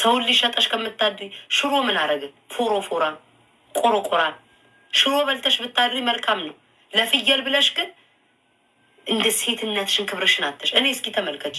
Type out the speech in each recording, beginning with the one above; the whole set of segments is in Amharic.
ሰውን ሊሸጠሽ ከምታድሪ ሽሮ ምን አረግ? ፎሮ ፎራ ቆሮቆራ ሽሮ በልተሽ ብታድሪ መልካም ነው። ለፍየል ብለሽ ግን እንደ ሴትነትሽን ክብርሽን አተሽ እኔ እስኪ ተመልከች፣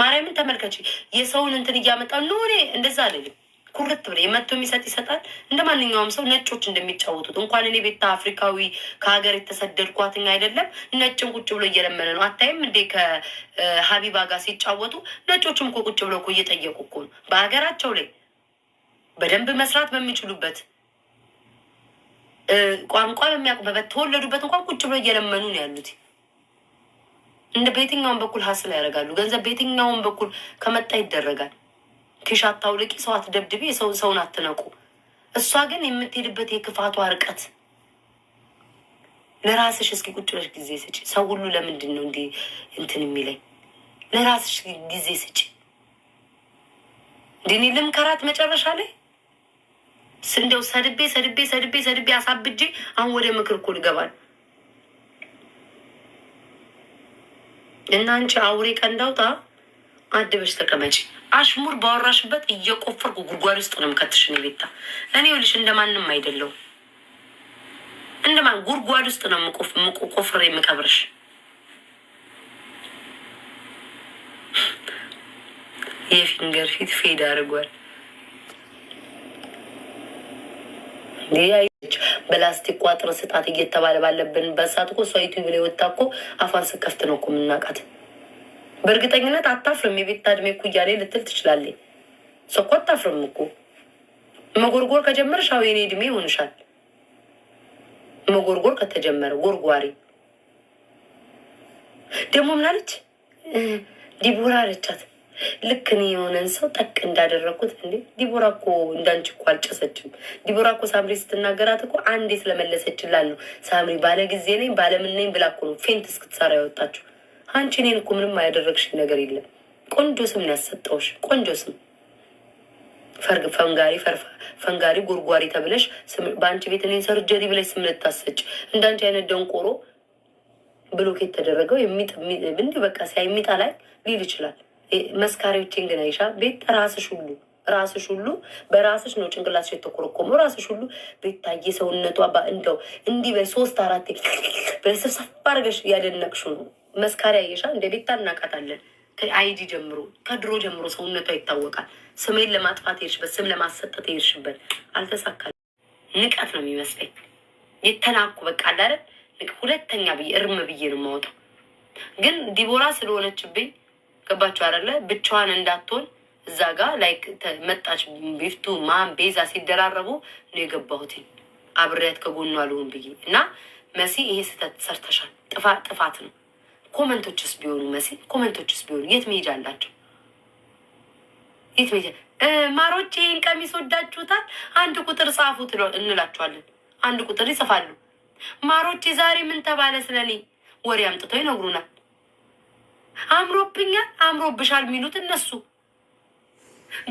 ማርያምን ተመልከች። የሰውን እንትን እያመጣ ኖ እኔ እንደዛ አይደለም። ኩርት ብለ መጥቶ የሚሰጥ ይሰጣል። እንደ ማንኛውም ሰው ነጮች እንደሚጫወቱት እንኳን እኔ ቤታ አፍሪካዊ ከሀገር የተሰደድኳትኝ አይደለም ነጭም ቁጭ ብሎ እየለመነ ነው። አታይም እንዴ ከሀቢባ ጋር ሲጫወቱ ነጮችም እኮ ቁጭ ብሎ እኮ እየጠየቁ እኮ ነው። በሀገራቸው ላይ በደንብ መስራት በሚችሉበት ቋንቋ በሚያውቁበት ተወለዱበት እንኳን ቁጭ ብሎ እየለመኑ ነው ያሉት። እንደ በየትኛውም በኩል ሀስል ያደርጋሉ። ገንዘብ በየትኛውም በኩል ከመጣ ይደረጋል። ኪሻ አታውልቂ፣ ሰው አትደብድቢ፣ ሰውን አትነቁ። እሷ ግን የምትሄድበት የክፋቷ ርቀት ለራስሽ እስኪ ቁጭ ብለሽ ጊዜ ስጪ። ሰው ሁሉ ለምንድን ነው እንዲ እንትን የሚለኝ? ለራስሽ ጊዜ ስጪ። እንዲኔ ልምከራት መጨረሻ ላይ እንደው ሰድቤ ሰድቤ ሰድቤ ሰድቤ አሳብጄ አሁን ወደ ምክር እኮ ልገባል። እና አንቺ አውሬ ቀንዳውጣ አድበሽ ተቀመጪ። አሽሙር ባወራሽበት እየቆፈርኩ ጉድጓድ ውስጥ ነው የምከትሽ። እኔ ቤታ እኔ ይኸውልሽ እንደማንም አይደለሁም። እንደማን ጉድጓድ ውስጥ ነው ቆፍሬ የምቀብርሽ። የፊንገር ፊት ፌድ አድርጓል። በላስቲክ ቋጥር ስጣት እየተባለ ባለብን በሳት እኮ እሷ ዩቲዩብ ላይ ወጣ እኮ አፋን ስከፍት ነው እኮ የምናውቃት። በእርግጠኝነት አታፍርም። የቤታ እድሜ እኩያ ላይ ልትል ትችላለች። ሰው እኮ አታፍርም እኮ መጎርጎር ከጀመርሽ አዎ የኔ እድሜ ይሆንሻል። መጎርጎር ከተጀመረ ጎርጓሪ ደግሞ ምናለች ዲቦራ አለቻት። ልክ እኔ የሆነን ሰው ጠቅ እንዳደረግኩት እን ዲቦራ እኮ እንዳንቺ እኮ አልጨሰችም። ዲቦራ እኮ ሳምሪ ስትናገራት እኮ አንዴ ስለመለሰችላት ነው ሳምሪ ባለ ጊዜ ነኝ ባለምን ነኝ ብላ እኮ ነው ፌንት እስክትሰራ ያወጣችሁ። አንቺ እኔን እኮ ምንም አያደረግሽኝ ነገር የለም። ቆንጆ ስም ነው ያሰጠውሽ። ቆንጆ ስም ፈንጋሪ ፈንጋሪ ጉርጓሪ ተብለሽ በአንቺ ቤት እኔን ሰርጀሪ ብለሽ ስም ልታሰጭ እንዳንቺ አይነት ደንቆሮ ብሎኬት ተደረገው እንዲህ በቃ ሲያ የሚጣ ላይ ሊል ይችላል። መስካሪዎቼን ግን አይሻ ቤት ራስሽ ሁሉ ራስሽ ሁሉ በራስሽ ነው ጭንቅላትሽ የተኮረኮመው። ራስሽ ሁሉ ቤታዬ ሰውነቷ እንደው እንዲህ በሶስት አራት በስብሰባ አድርገሽ ያደነቅሽው ነው። መስካሪያ እየሻ እንደ ቤታ እናቃታለን። ከአይዲ ጀምሮ ከድሮ ጀምሮ ሰውነቷ ይታወቃል። ስሜን ለማጥፋት የሄድሽበት ስም ለማሰጠት የሄድሽበት አልተሳካል። ንቀት ነው የሚመስለኝ የተናኩ በቃ አላለ ሁለተኛ ብዬ እርም ብዬ ነው የማወጣው። ግን ዲቦራ ስለሆነችብኝ ገባችሁ አይደለ? ብቻዋን እንዳትሆን እዛ ጋር ላይክ መጣች። ቢፍቱ ማን ቤዛ ሲደራረቡ ነው የገባሁትኝ አብሬያት ከጎኗ ልሆን ብዬ እና መሲ ይሄ ስህተት ሰርተሻል፣ ጥፋት ነው ኮመንቶችስ ቢሆኑ መሲ ኮመንቶችስ ቢሆኑ የት መሄጃ አላቸው? የት መሄጃ? ማሮች ይህን ቀሚስ ወዳችሁታል? አንድ ቁጥር ጻፉ እንላችኋለን። አንድ ቁጥር ይጽፋሉ። ማሮች ዛሬ ምን ተባለ ስለኔ ወሬ አምጥተው ይነግሩናል። አምሮብኛል፣ አምሮብሻል የሚሉት እነሱ።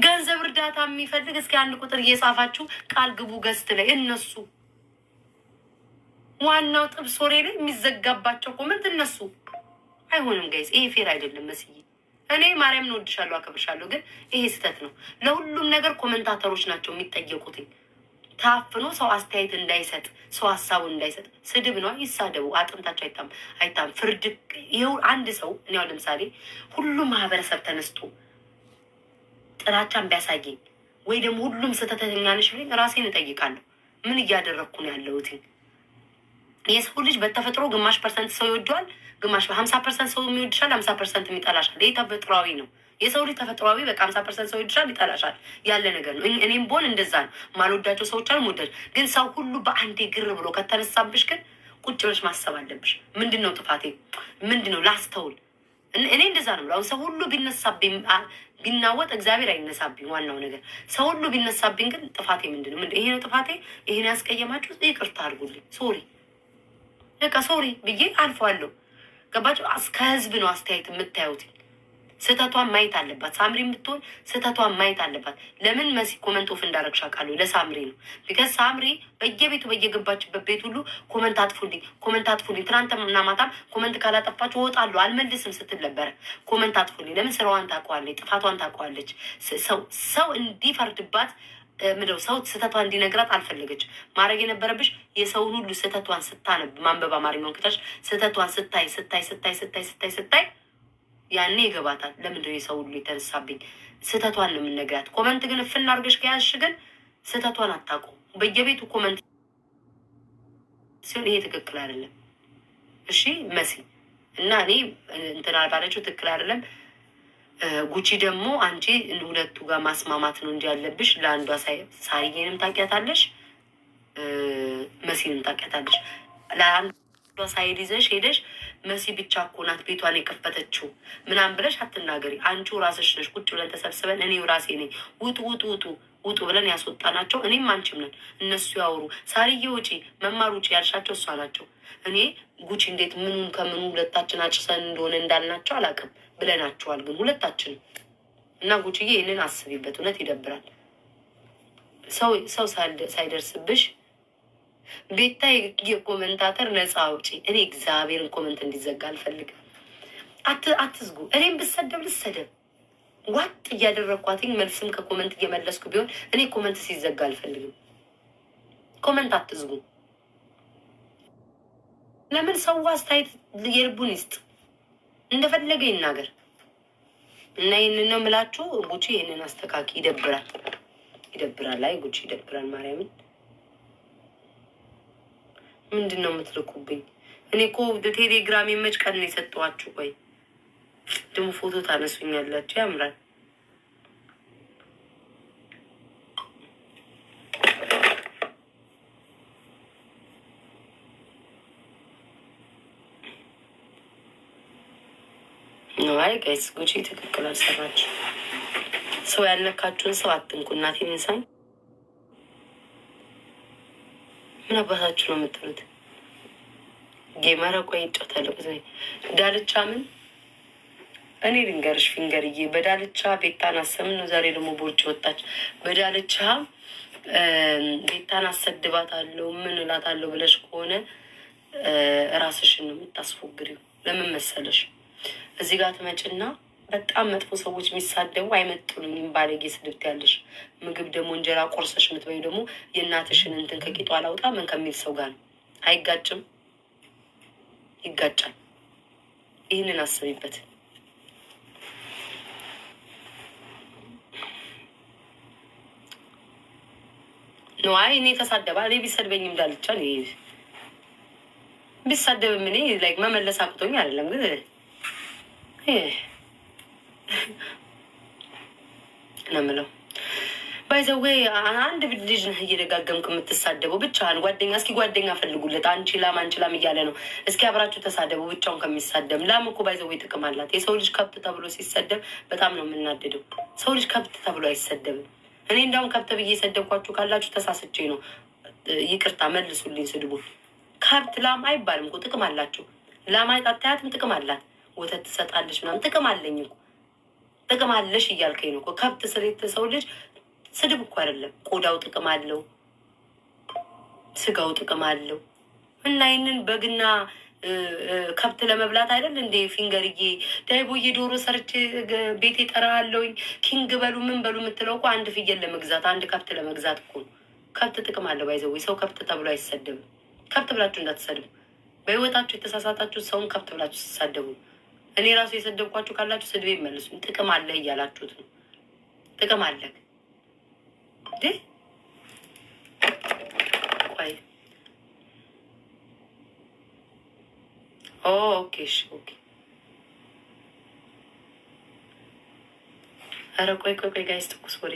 ገንዘብ እርዳታ የሚፈልግ እስኪ አንድ ቁጥር እየጻፋችሁ ቃል ግቡ ገዝት ላይ እነሱ ዋናው ጥብስ ወሬ ላይ የሚዘጋባቸው ኮመንት እነሱ አይሆንም ጋይስ፣ ይሄ ፌር አይደለም። መስዬ እኔ ማርያምን እወድሻለሁ፣ አከብርሻለሁ፣ ግን ይሄ ስህተት ነው። ለሁሉም ነገር ኮመንታተሮች ናቸው የሚጠየቁትኝ። ታፍኖ ሰው አስተያየት እንዳይሰጥ፣ ሰው ሀሳቡ እንዳይሰጥ። ስድብ ነው፣ ይሳደቡ፣ አጥንታቸው አይታም አይታም። ፍርድ ይኸው አንድ ሰው እኔ ለምሳሌ ሁሉም ማህበረሰብ ተነስቶ ጥላቻን ቢያሳየኝ ወይ ደግሞ ሁሉም ስህተተኛ ነሽ ብለኝ ራሴን እጠይቃለሁ። ምን እያደረግኩ ነው ያለሁትኝ? የሰው ልጅ በተፈጥሮ ግማሽ ፐርሰንት ሰው ይወደዋል፣ ግማሽ ሀምሳ ፐርሰንት ሰው የሚወድሻል፣ ሀምሳ ፐርሰንት የሚጠላሻል። ይህ ተፈጥሯዊ ነው። የሰው ልጅ ተፈጥሯዊ በቃ ሀምሳ ፐርሰንት ሰው ይወድሻል፣ ይጠላሻል ያለ ነገር ነው። እኔም ብሆን እንደዛ ነው። ማልወዳቸው ሰዎች አሉ ግን ሰው ሁሉ በአንዴ ግር ብሎ ከተነሳብሽ ግን ቁጭ ብለሽ ማሰብ አለብሽ። ምንድን ነው ጥፋቴ? ምንድን ነው ላስተውል። እኔ እንደዛ ነው። አሁን ሰው ሁሉ ቢነሳብኝ ቢናወጥ እግዚአብሔር አይነሳብኝ። ዋናው ነገር ሰው ሁሉ ቢነሳብኝ ግን ጥፋቴ ምንድን ነው? ይሄ ነው ጥፋቴ። ይሄን ያስቀየማችሁ ይቅርታ አድርጉልኝ፣ ሶሪ በቃ ሶሪ ብዬ አልፈዋለሁ። ገባችሁ? ከህዝብ ነው አስተያየት የምታዩት። ስህተቷን ማየት አለባት ሳምሪ የምትሆን ስህተቷን ማየት አለባት። ለምን መሲ ኮመንት ኦፍ እንዳረግሻ ቃለሁ ለሳምሪ ነው። ቢከዝ ሳምሪ በየቤቱ በየገባችበት ቤት ሁሉ ኮመንት አጥፉልኝ፣ ኮመንት አጥፉልኝ፣ ትናንትና ማታም ኮመንት ካላጠፋችሁ እወጣለሁ አልመልስም ስትል ነበረ። ኮመንት አጥፉልኝ። ለምን ስራዋን ታውቀዋለች፣ ጥፋቷን ታውቀዋለች። ሰው ሰው እንዲፈርድባት ምድው ሰው ስህተቷ እንዲነግራት አልፈለገች። ማድረግ የነበረብሽ የሰውን ሁሉ ስህተቷን ስታነብ ማንበብ አማርኛውን ክታች ስህተቷን ስታይ ስታይ ስታይ ስታይ ስታይ ስታይ ያኔ ይገባታል። ለምንድነው የሰው ሁሉ የተነሳብኝ ስህተቷን ነው የምንነግራት። ኮመንት ግን እፍና አድርገሽ ከያዝሽ ግን ስህተቷን አታውቀውም። በየቤቱ ኮመንት ሲሆን ይሄ ትክክል አይደለም። እሺ መሲ እና እኔ እንትን አዳለችው ትክክል አይደለም። ጉቺ ደግሞ አንቺ ሁለቱ ጋር ማስማማት ነው እንጂ ያለብሽ። ለአንዷ ሳሪዬንም ታውቂያታለሽ፣ መሲንም ታውቂያታለሽ። ለአንዷ ሳይድ ይዘሽ ሄደሽ መሲ ብቻ እኮ ናት ቤቷን የከፈተችው ምናምን ብለሽ አትናገሪ። አንቺ ራስሽ ነሽ። ቁጭ ብለን ተሰብስበን እኔ ራሴ ነኝ ውጡ ውጡ ውጡ ውጡ ብለን ያስወጣናቸው እኔም አንቺም ነን። እነሱ ያወሩ ሳሪዬ ውጪ መማር ውጪ ያልሻቸው እሷ ናቸው። እኔ ጉቺ እንዴት ምኑን ከምኑ ሁለታችን አጭሰን እንደሆነ እንዳልናቸው አላውቅም። ብለናችኋል። ግን ሁለታችን እና ጉችዬ ይህንን አስቢበት። እውነት ይደብራል። ሰው ሰው ሳይደርስብሽ ቤታ የኮመንታተር ነፃ አውጪ። እኔ እግዚአብሔርን ኮመንት እንዲዘጋ አልፈልግም። አትዝጉ። እኔም ብሰደብ ልሰደብ ዋጥ እያደረግኳትኝ መልስም ከኮመንት እየመለስኩ ቢሆን እኔ ኮመንት ሲዘጋ አልፈልግም። ኮመንት አትዝጉ። ለምን ሰው አስተያየት የልቡን ይስጥ። እንደፈለገ ይናገር እና ይህንን ነው የምላችሁ። ጉቺ ይህንን አስተካኪ። ይደብራል፣ ይደብራል። አይ ጉቺ ይደብራል። ማርያምን ምንድን ነው የምትልኩብኝ? እኔ እኮ ቴሌግራም የመጭ ቀን ነው የሰጠኋችሁ። ቆይ ደግሞ ፎቶ ታነሱኛላችሁ። ያምራል አይ ጋይስ ጉቺ ትክክል አልሰራች። ሰው ያልነካችሁን ሰው አትንኩ። እናቴ ንሳኝ ምን አባታችሁ ነው የምትሉት? ጌመረ ቆይ ይጫወታለሁ። ዳልቻ ምን እኔ ልንገርሽ ፊንገርዬ፣ በዳልቻ ቤታን አሰምን ነው ዛሬ ደግሞ ቦርጭ ወጣች። በዳልቻ ቤታን አሰድባታለሁ ምን እላታለሁ ብለሽ ከሆነ ራስሽን ነው የምታስፎግሪው። ለምን መሰለሽ እዚህ ጋር ትመጭና በጣም መጥፎ ሰዎች የሚሳደቡ አይመጡንም። ባለጌ ስድብት ያለሽ ምግብ ደግሞ እንጀራ ቆርሰሽ የምትበዩ ደግሞ የእናትሽን እንትን ከቂጦ አላውጣ ምን ከሚል ሰው ጋር ነው። አይጋጭም? ይጋጫል። ይህንን አስቢበት። ነዋይ እኔ ተሳደባ እኔ ቢሰድበኝ እንዳልቻል ቢሳደብም እኔ መመለስ አቅቶኝ አይደለም ግን ነው የምለው። ባይዘዌ አንድ ልጅ ነህ እየደጋገምክ የምትሳደበው ብቻህን። ጓደኛ እስኪ ጓደኛ ፈልጉለት። አንቺ ላም አንቺ ላም እያለ ነው። እስኪ አብራችሁ ተሳደቡ ብቻውን ከሚሳደም ላም እኮ ባይዘዌ ጥቅም አላት። የሰው ልጅ ከብት ተብሎ ሲሰደብ በጣም ነው የምናደደው። ሰው ልጅ ከብት ተብሎ አይሰደብም። እኔ እንዳውም ከብት ብዬ የሰደብኳችሁ ካላችሁ ተሳስቼ ነው። ይቅርታ መልሱልኝ ስድቡ። ከብት ላም አይባልም እኮ ጥቅም አላችሁ። ላም አይጣታያትም ጥቅም አላት። ወተት ትሰጣለች ምናምን ጥቅም አለኝ እኮ ጥቅም አለሽ እያልከኝ ነው እኮ ከብት ስሬት ሰው ልጅ ስድብ እኮ አይደለም። ቆዳው ጥቅም አለው፣ ስጋው ጥቅም አለው። እና ይህንን በግና ከብት ለመብላት አይደል እንዴ? ፊንገርዬ ዳይቦዬ ዶሮ ሰርች ቤቴ ጠራለውኝ ኪንግ በሉ ምን በሉ የምትለው እኮ አንድ ፍየል ለመግዛት አንድ ከብት ለመግዛት እኮ ነው። ከብት ጥቅም አለው። ባይዘው ሰው ከብት ተብሎ አይሰደብም። ከብት ብላችሁ እንዳትሰድቡ። በህይወታችሁ የተሳሳታችሁ ሰውን ከብት ብላችሁ ሲሳደቡ እኔ ራሱ የሰደብኳችሁ ካላችሁ ስድቤ መልሱ። ጥቅም አለ እያላችሁት ነው። ጥቅም አለ ኦኬ። እሺ ኦኬ። ኧረ ቆይ ቆይ ቆይ ጋይስ ትኩስ ወሬ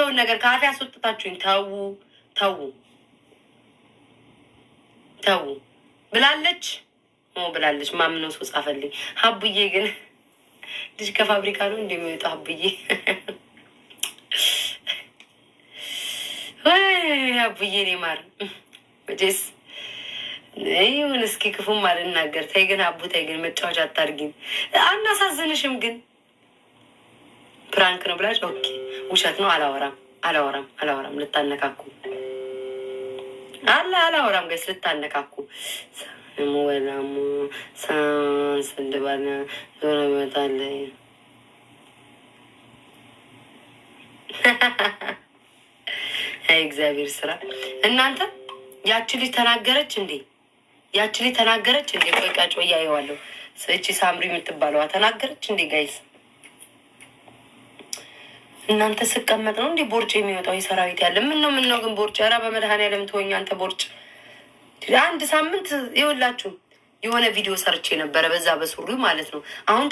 የሰውን ነገር ከአፌ አስወጥታችሁኝ ተዉ ተዉ ተዉ ብላለች ብላለች። ማምነው ሰው ጻፈልኝ። ሀቡዬ ግን ልጅ ከፋብሪካ ነው እንደሚወጣ ሀቡዬ ሀቡዬ እኔ ማር መቼስ ይሁን እስኪ ክፉም አልናገር። ተይ ግን አቡ ተይ ግን መጫወቻ አታድርጊም። አናሳዝንሽም ግን ፕራንክ ነው ብላች። ኦኬ ውሸት ነው አላወራም፣ አላወራም፣ አላወራም። ልታነካኩ አለ አላወራም። ገስ ልታነካኩ ወላሙ ሳን ስንድባለ ዞረ ይመጣለ እግዚአብሔር ስራ እናንተ ያቺ ልጅ ተናገረች እንዴ? ያቺ ልጅ ተናገረች እንዴ? ቆይ ቃጭ ወያየዋለሁ። እቺ ሳምሪ የምትባለዋ ተናገረች እንዴ ጋይስ? እናንተ ስቀመጥ ነው እንዲህ ቦርጭ የሚወጣው የሰራዊት ያለ ምን ነው ምን ነው ግን ቦርጭ ራ በመድኃኒዓለም ትሆኝ አንተ ቦርጭ። አንድ ሳምንት ይኸውላችሁ የሆነ ቪዲዮ ሰርቼ ነበረ በዛ በሱሪ ማለት ነው አሁን